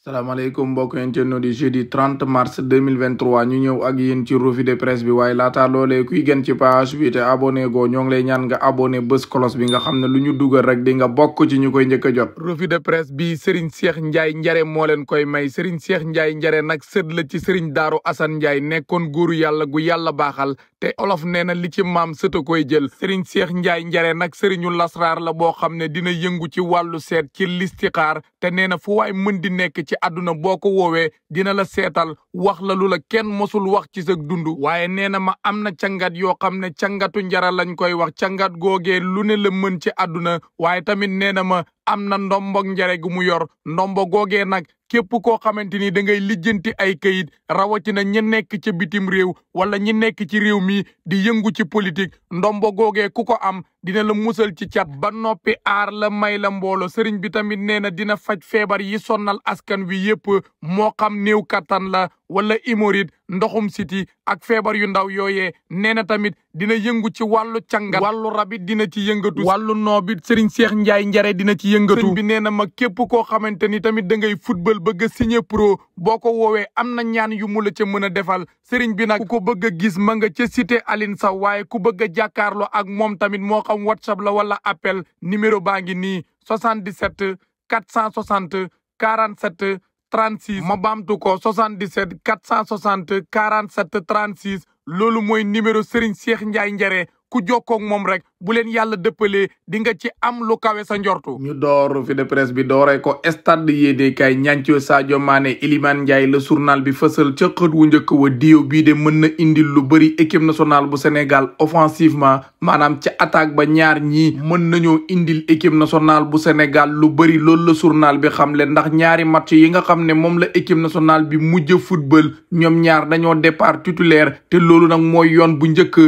salaamaaleykum mbokk internet di jeudi 30 mars 2023 ñu ñëw ak yéen ci revue de presse bi waaye laata loolee kuy gën ci page bi te abonné goo ñoo ngi lay ñaan nga abonné bés kolos bi nga xam ne lu ñu dugal rek di nga bokk ci ñu koy njëkk a jot revue de presse bi Serigne Cheikh Ndiaye Njare moo leen koy may Serigne Cheikh Ndiaye Njare nag sët la ci Serigne Daaru Assane Ndiaye nekkoon góoru yàlla gu yàlla baaxal te olof nee na li ci maam sëta koy jël sëriñ seex njaay njare nag sëriñu lasraar la boo xam ne dina yëngu ci wàllu seet ci listixaar te nee na fu waay mën di nekk ci àdduna boo ko woowee dina la seetal wax la lu la kenn mosul wax ci sa dund waaye nee na ma am na cangat yoo xam ne cangatu njara lañ koy wax cangat googee lu ne la mën ci àdduna waaye tamit nee na ma am na ndombo njare gu mu yor ndombo googee nag képp koo xamante ni da ngay lijjanti ay kayit rawatina ñi nekk ci bitim réew wala ñi nekk ci réew mi di yëngu ci politique ndombo googee ku ko am dina la musal ci cat ba noppi aar la may la mboolo sëriñ bi tamit nee na dina faj feebar yi sonnal askan wi yépp moo xam néew kattan la wala imorid ndoxum siti ak feebar yu ndaw yooyee nee na tamit dina yëngu ci wàllu càngat wàllu rabit dina ci yëngatu wàllu noobit sëriñ Seex Njaay njare dina ci yëngatu bi nee na ma képp koo xamante ni tamit da ngay football bëgg a signé boo ko woowee am na ñaan yu mu la ca mën a defal sëriñ bi nag ku ko bëgg a gis ma nga ca cité Aline Saw waaye ku bëgg a jàkkaarloo ak moom tamit moo xam whatsapp la wala appel numéro baa ngi nii 77 460 47 36 ma baamtu ko 77 460 47 36 loolu mooy numéro Serigne Cheikh Ndiaye Njare ku jokkoog moom rek bu leen yàlla dëppalee di nga ci am lu kawe sa njortu. ñu door fi de presse bi dooree ko stade yéenekaay ñancoo Sadio Mané Iliman Ndiaye la journal bi fësal ca xët wu njëkk wa diw bii de mën na indil lu bëri équipe nationale bu Sénégal offensivement maanaam ci attaque ba ñaar ñii mën nañoo indil équipe nationale bu Sénégal lu bëri loolu la surnal bi xam le ndax ñaari match yi nga xam ne moom la équipe national bi mujj football ñoom ñaar dañoo départ titulaire te loolu nag mooy yoon bu njëkk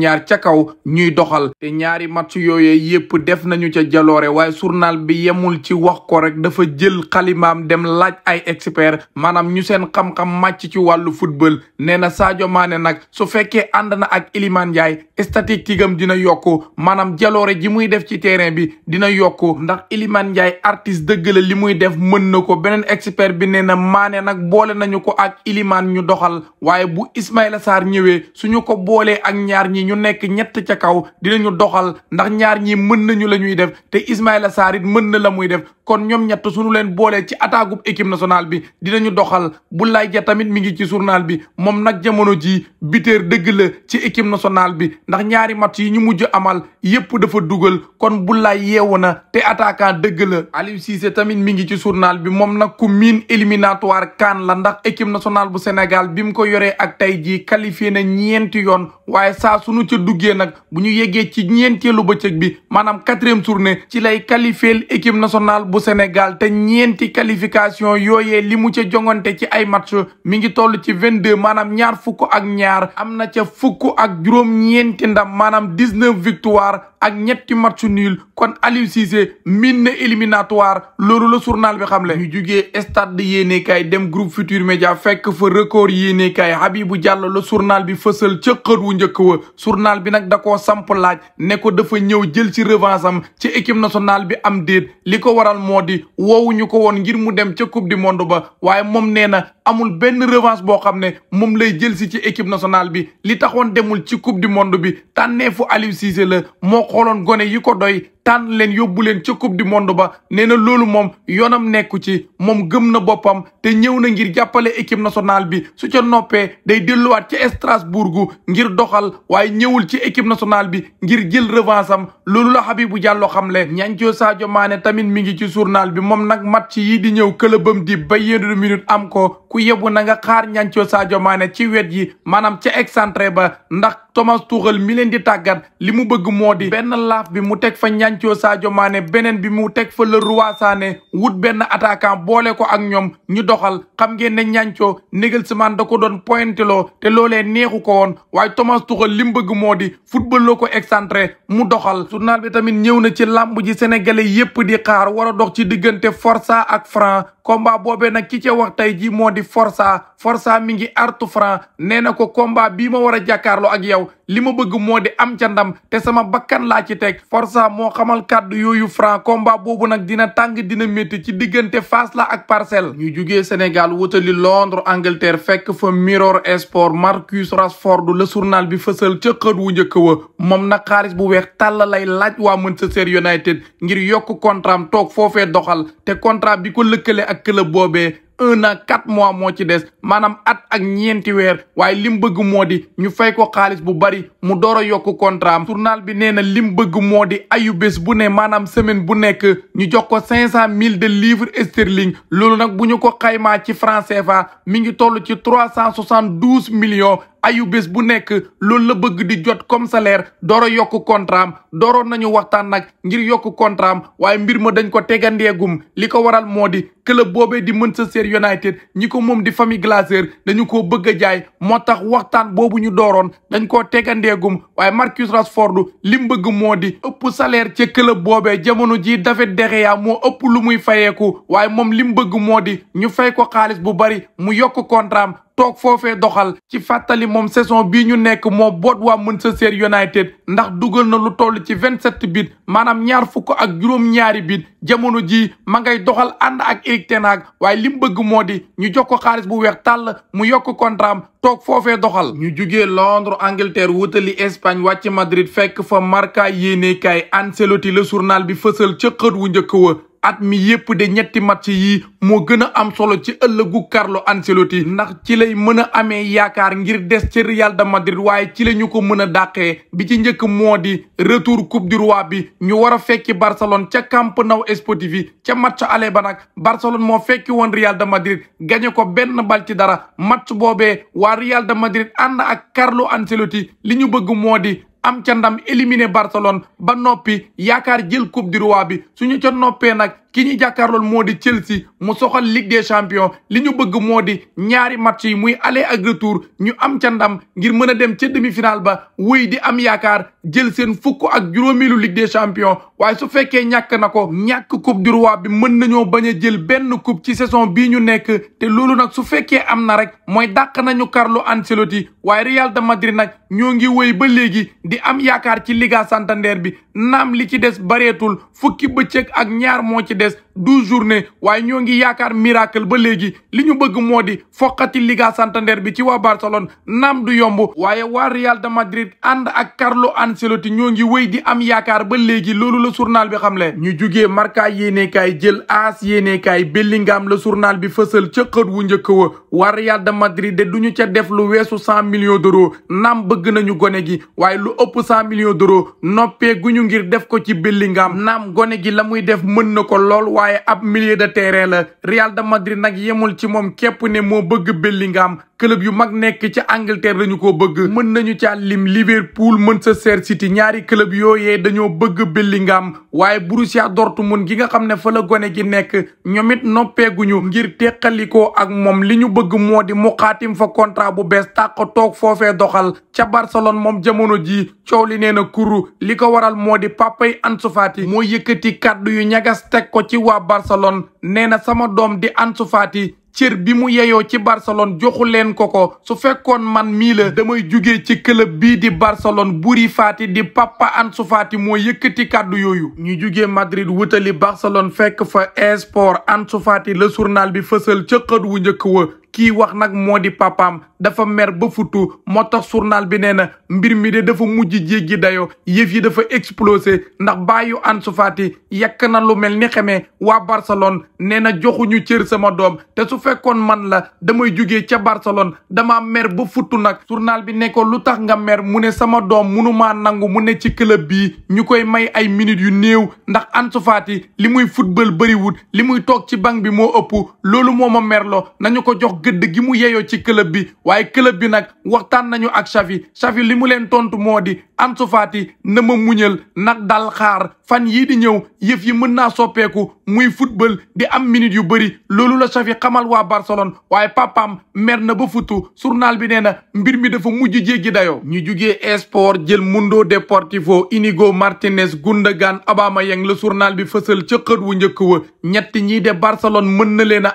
ñaar ca kaw ñuy doxal te ñaari match yooyee yépp def nañu ca jaloore waaye journal bi yemul ci wax ko rek dafa jël xalimaam dem laaj ay expert maanaam ñu seen xam-xam màcc ci wàllu football nee na Sadio Mané nag su fekkee ànd na ak Iliman Ndiaye statistique tigam dina yokku maanaam jaloore ji muy def ci terrain bi dina yokku ndax Iliman Ndiaye artiste dëgg la li muy def mën ko beneen expert bi nee na Mané nag boole nañu ko ak Iliman ñu doxal waaye bu Ismaïla Sarr ñu nekk ñett ca kaw dinañu doxal ndax ñaar ñi mën nañu la ñuy def te Ismaïla Sarr it mën na la muy def kon ñoom ñett sunu leen boolee ci attaque ub équipe nationale bi dinañu doxal Boulaye Dia tamit mi ngi ci journal bi moom nag jamono jii buteur dëgg la ci équipe nationale bi ndax ñaari mat yi ñu mujj amal yépp dafa dugal kon Boulaye yeewu na te attaquant dëgg la Aliou Cissé tamit mi ngi ci journal bi moom nag ku miin éliminatoire CAN la ndax équipe nationale bu Sénégal bi mu ko yore ak tey jii qualifié na ñeenti yoon waaye saa sunu suñu ca duggee nag bu ñu yeggee ci ñeenteelu bëccëg bi maanaam quatrième journée ci lay qualifier équipe nationale bu Sénégal te ñeenti qualification yooye li mu ca jongante ci ay match mi ngi toll ci vingt deux maanaam ñaar fukk ak ñaar am na ca fukk ak juróom-ñeenti ndam maanaam dix neuf victoire ak ñetti match nul kon Aliou Cissé min na éliminatoire loolu la journal bi le ñu jugee stade yéenekaay dem groupe Futurs Médias fekk fa record yéenekaay Habibou Diallo la journal bi fësal ca xët wu njëkk wa journal bi nag da koo samp laaj ne ko dafa ñëw jël ci revanche am ci équipe nationale bi am déet li ko waral moo di woowuñu ko woon ngir mu dem ca coupe du monde ba waaye moom nee na amul benn revanche boo xam ne moom lay jël si ci équipe nationale bi li taxoon demul ci coupe du monde bi tànneefu Aliou Cissé la moo xooloon gone yi ko doy tànn leen yóbbu leen ca coupe du monde ba nee na loolu moom yoonam nekku ci moom gëm na boppam te ñëw na ngir jàppale équipe nationale bi su ca noppee day delluwaat ca Strasbourg ngir doxal waaye ñëwul ci équipe nationale bi ngir jël revanche am loolu la Habibou xam xamle ñancoo saajo Mané tamit mi ngi ci journal bi moom nag match yi di ñëw këlëbam di ba Bayern de Munich am ko ku yebu na nga xaar ñancoo Sadio Mané ci wet yi maanaam ca excentré ba ndax Thomas Tuchel mi leen di tàggat li mu bëgg moo gàncoo Sadio Mané beneen bi mu teg fa le roi Sané wut benn attaquant boole ko ak ñoom ñu doxal xam ngeen ne ñancoo Nagelsmann da ko doon pointeloo te loole neexu ko woon waaye Thomas Tuchel li mu bëgg moo di football loo ko excentré mu doxal su naal tamit ñëw na ci làmb ji sénégalais yépp di xaar war a dox ci diggante forsa ak Franc combat boobee nag ki ca tey ji moo di forsa Forza mi ngi artu Franc nee na ko komba bii ma war a jàkkaarloo ak yow li ma bëgg moo di am ca ndam te sama bakkan laa ci teg Forza moo xamal kàddu yooyu Franc komba boobu nag dina tàng dina métti ci diggante Fass la ak Parcelles ñu jugee Sénégal wutali Londres Angleterre fekk fa Mirror Sport Marcus Rashford le journal bi fësal ca xët wu njëkk wa moom nag xaalis bu weex tàll lay laaj waa Manchester United ngir yokk contrat am toog foofee doxal ak club boobee un an mois moo ci des manam at ak ñeenti weer waaye lim bëgg moo di ñu fay ko xaalis bu bari mu door a yokk contrat am journal bi nee na lim bëgg moo di ayu bu ne maanaam semaine bu nekk ñu jox ko cinq cent mille de livres sterling loolu nag bu ñu ko xaymaa ci franc CFA mi ngi toll ci trois cent soixante douze millions ayu bés bu nekk loolu la bëgg di jot comme salaire dooro yokk contrat am dooroon nañu waxtaan nag ngir yokk contrat waaye mbir ma dañ ko tegandeegum li ko waral moo di club boobee di Manchester United ñi ko moom di famille Glazer dañu koo bëgg a jaay moo tax waxtaan boobu ñu dooroon dañu koo tegandeegum waaye Marcus Rashford li mu bëgg moo di ëpp salaire ca club boobee jamono ji David De Gea moo ëpp lu muy fayeeku waaye moom li mu bëgg moo di ñu fay ko xaalis bu bari mu yokk contrat toog foofee doxal ci fàttali moom saison bii ñu nekk moo boot waa Manchester United ndax dugal na lu toll ci vingt-sept bit maanaam ñaar fukk ak juróom-ñaari bit jamono ji ma ngay doxal ànd ak Erik ten waaye li mu bëgg moo di ñu jox ko xaalis bu weex tàll mu yokk contrat toog foofee doxal ñu jugee Londres Angleterre wutali Espagne wàcc Madrid fekk fa Marca yéenekaay Ancelotti le journal bi fësal ca xët wu njëkk wa at mi yépp de ñetti match yi moo gën a am solo ci ëllëgu Carlo Ancelotti ndax ci lay mën a amee yaakaar ngir des ci Real de Madrid waaye ci la ñu ko mën a dàqee bi ci njëkk moo di retour coupe du bi ñu war a fekki Barcelone ca Camp Nou Sportivo ca match aller ba nag Barcelone moo fekki woon Real de Madrid gañe ko benn bal ci dara match boobee waa Real de Madrid ànd ak Carlo Ancelotti li ñu bëgg moo di am ca ndam éliminé Barcelone ba noppi yaakaar jël coupe du roi bi suñu ca noppee nag ki ñu jàkkaarlool moo di Chelsea mu soxal Ligue des champions li ñu bëgg moo di ñaari match yi muy aller ak retour ñu am ca ndam ngir mën a dem ca demi-finale ba wuy di am yaakaar jël seen fukk ak juróomeelu Ligue des champions waaye su fekkee ñàkk na ko ñàkk coupe du roi bi mën nañoo bañ a jël benn coupe ci saison bii ñu nekk te loolu nag su fekkee am na rek mooy dàq nañu Carlo Ancelotti waaye Real de Madrid nag ñoo ngi wéy ba léegi di am yaakaar ci Liga Santander bi li ci des bareetul fukki bëccëg ak ñaar des douze journée waaye ñoo ngi yaakaar miracle ba léegi li ñu bëgg moo di foqati Liga Santander bi ci waa Barcelone naam du yomb waaye waa Real de Madrid ànd ak Carlo Ancelotti ñoo ngi wéy di am yaakaar ba léegi loolu la journal bi xam xamle ñu jugee Marca yéenekaay jël AS yéenekaay Bellingham la journal bi fësal ca xët wu njëkk wa waa Real de Madrid de duñu ca def lu weesu cent millions d'euros naam bëgg nañu gone gi waaye lu ëpp cent millions d'euros noppee guñu ngir def ko ci Bellingham naam gone gi la muy def mën na ko lool waaye ab milieu de terrain la Real de Madrid nag yemul ci moom képp ne moo bëgg Bellingham club yu mag nekk ci Angleterre dañu ko bëgg mën nañu caa lim Liverpool Manchester City ñaari club yooyee dañoo bëgg Bellingham waaye Borussia mën gi nga xam ne fa gone gi nekk ñoom it noppeeguñu ngir teqalikoo ak moom li ñu bëgg moo di mu fa contrat bu bees tàq toog foofee doxal ca Barcelone moom jamono ji coow li nee na kuru li ko waral moo di papay Ansu Fati mooy yëkkati kàddu yu ñagas teg ko ci waa Barcelone nee na sama doom di Ansu Fati cir bi mu yeyoo ci Barcelone joxu leen ko ko su fekkoon man mii la damay jugee ci club bii di Barcelone Buri faati di Papa Ansu Fati moo yëkkati kàddu yooyu. ñu jugee Madrid wutali Barcelone fekk fa esport Ansu Fati la journal bi fësal ca xët wu njëkk wa. kii wax nag moo di papaam dafa mer ba futu moo tax journal bi nee na mbir mi de dafa mujj jéggi dayo yëf yi dafa explosé ndax bàyyu Ansu Fati yekk na lu mel ni xamee waa Barcelone nee na joxuñu cër sama doom te su fekkoon man la damay jugee ca Barcelone dama mer ba futu nag journal bi nekkoon lu tax nga mer mu ne sama doom munumaa nangu mu ne ci club bii ñu koy may ay minutes yu néew ndax Ansu Fati li muy football bëriwul li muy toog ci banc bi moo ëpp loolu moo ma merloo nañu ko jox gëdd gi mu yeyoo ci club bi waaye club bi nag waxtaan nañu ak Xavi Xavi li mu leen tontu moo di Ansu Fati na ma muñal nag dal xaar fan yii di ñëw yëf yi mën naa soppeeku muy futbal di am minute yu bëri loolu la Xavi xamal waa Barcelone waaye papam mer na ba futu journal bi nee na mbir mi dafa mujj jéggi dayoo. ñu jugee esport jël Mundo Deportivo Inigo Martinez Gundogan Aubameyang la journal bi fësal ca wu njëkk wa ñett ñii de Barcelone mën na leen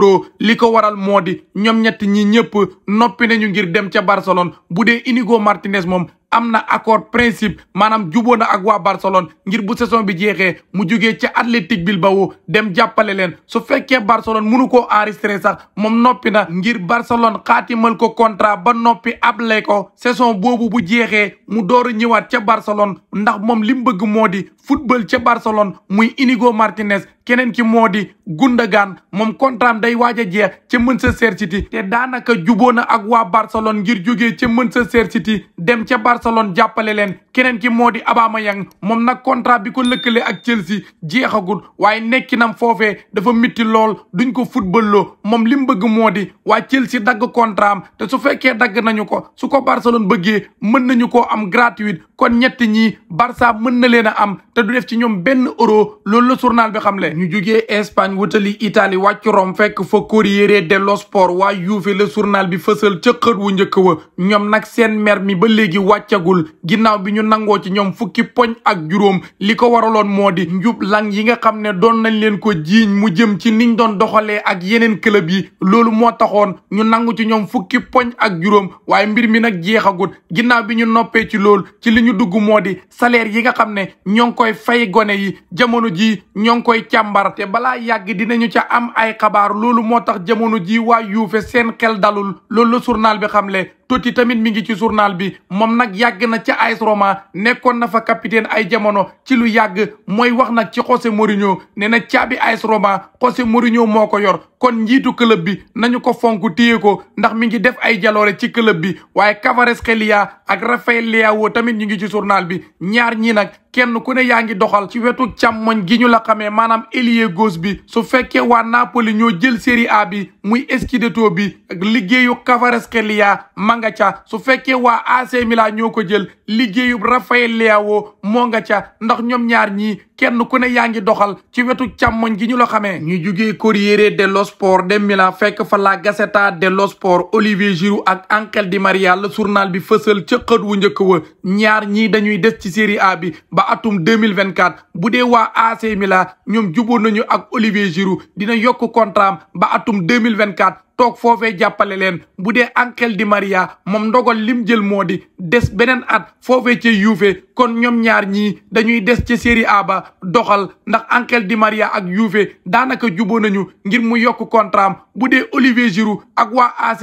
Alvaro li ko waral moo di ñoom ñett ñi ñëpp noppi nañu ngir dem ca Barcelone bu dee Inigo Martinez moom am na accord principe maanaam juboo na ak waa Barcelone ngir bu saison bi jeexee mu jugee ca Athletic Bilbao dem jàppale leen su fekkee Barcelone munu ko en enregistré sax moom noppi na ngir xaati xaatimal ko contrat ba noppi able ko saison boobu bu jeexee mu door a ñëwaat ca Barcelone ndax moom li mu bëgg moo di football ca Barcelone muy unigo Martinez keneen ki moo di Gundogan moom kontraam day waaj a jeex ca Manchester City te daanaka juboo na ak waa Barcelone ngir jógee ca Manchester City dem ca Barcelone jàppale leen keneen ki moo di Aubameyang moom nag contrat bi ko lëkkale ak Chelsea jeexagul waaye nekkinam foofee dafa mitti lool duñ ko football moom li mu bëgg moo di waa Chelsea dagg contrat am te su fekkee dagg nañu ko su ko Barcelone bëggee mën nañu ko am gratuite kon ñett ñi Barça mën na leen a am te du def ci ñoom benn euro loolu la journal bi xamle ñu jugee Espagne wutali Italie wàcc Rome fekk fa Corriere dello Sport waa Juve le journal bi fësal ca wu njëkk wa ñoom nag seen mer mi ba léegi wàccagul ginnaaw bi ñu nangoo ci ñoom fukki ak juróom li ko waraloon moo di njub lang yi nga xam ne doon nañ leen ko jiiñ mu jëm ci niñ doon doxalee ak yeneen club yi loolu moo taxoon ñu nangu ci ñoom fukki poñ ak juróom waaye mbir mi nag jeexagul ginnaaw bi ñu noppee ci lool ci li ñu dugg moo di salaire yi nga xam ne ñoo ngi koy fay gone yi jamono ji ñoo ngi koy càmbar te balaa yàgg dinañu ca am ay xabaar loolu moo tax jamono ji waa yuufe seen xel dalul loolu la journal bi xamle Totti tamit mi ngi ci journal bi moom nag yàgg na ci AS Roma nekkoon na fa capitaine ay jamono ci lu yàgg mooy wax nag ci José Mourinho nee na caabi AS Roma José Mourinho moo ko yor kon njiitu club bi nañu ko fonk téye ko ndax mi ngi def ay jaloore ci club bi waaye Kvaratskhelia ak Raphaël Leao tamit ñu ngi ci journal bi ñaar ñii nag kenn ku ne yaa ngi doxal ci wetu càmmoñ gi ñu la xamee maanaam ailier gos bi su fekkee waa Napoli ñoo jël Serie A bi muy Scudetto bi ak liggéeyu Kvaratskhelia nga ca su fekkee waa AC Milan ñoo ko jël liggéeyub Rafael Leao moo nga ca ndax ñoom ñaar ñii kenn ku ne yaa ngi doxal ci wetu càmmoñ gi ñu la xamee ñu jugee Corriere dello Sport dem Milan fekk fa la Gazzetta dello Sport Olivier Giroud ak Angel Di Maria la journal bi fësal ca xët wu njëkk wa ñaar ñii dañuy des ci Serie A bi ba atum 2024 bu dee waa AC Milan ñoom juboo nañu ak Olivier Giroud dina yokk contrat ba atum 2024 toog foofee jàppale leen bu dee Ángel Di Maria moom ndogal lim jël moo di des beneen at foofe ci Juve kon ñoom ñaar ñi dañuy des ci seri A ba doxal ndax Ángel Di Maria ak Juve daanaka juboo nañu ngir mu yokk kontraam bu dee Olivier Giroud ak waa AC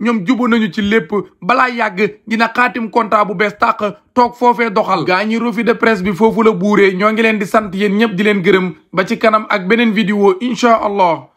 ñoom juboo nañu ci lépp balaa yàgg dina xaatim contrat bu bees tàq toog foofee doxal gaa ñi revue de presse bi foofu la buuree ñoo ngi leen di sant yéen ñëpp di leen gërëm ba ci kanam ak beneen vidéo incha allah